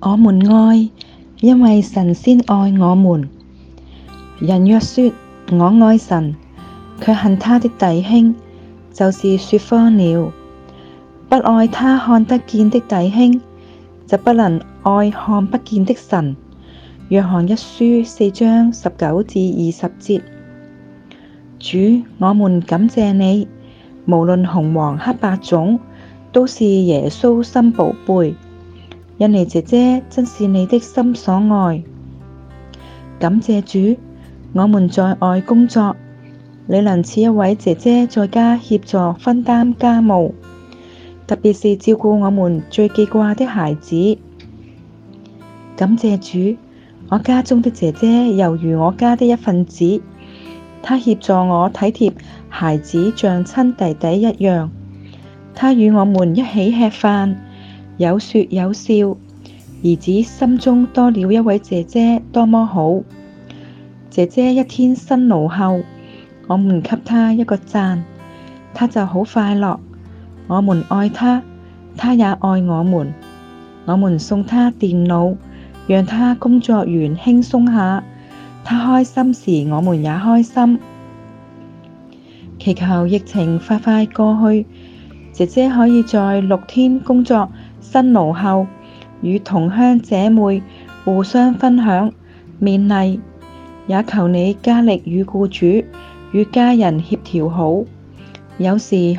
我們愛，因為神先愛我們。人若說我愛神，卻恨他的弟兄，就是說謊了。不愛他看得見的弟兄，就不能愛看不見的神。約翰一書四章十九至二十節。主，我們感謝你，無論紅黃黑白種，都是耶穌心寶貝。印尼姐姐真是你的心所愛，感謝主，我們在外工作。你能似一位姐姐在家協助分擔家務，特別是照顧我們最記掛的孩子。感謝主，我家中的姐姐猶如我家的一份子，她協助我體貼孩子，像親弟弟一樣。她與我們一起吃飯。有說有笑，兒子心中多了一位姐姐，多麼好！姐姐一天辛勞後，我們給她一個讚，她就好快樂。我們愛她，她也愛我們。我們送她電腦，讓她工作完輕鬆下。她開心時，我們也開心。祈求疫情快快過去，姐姐可以在六天工作。辛勞後與同鄉姐妹互相分享勉勵，也求你加力與僱主，與家人協調好，有時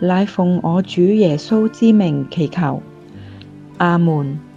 乃奉我主耶穌之名祈求，阿門。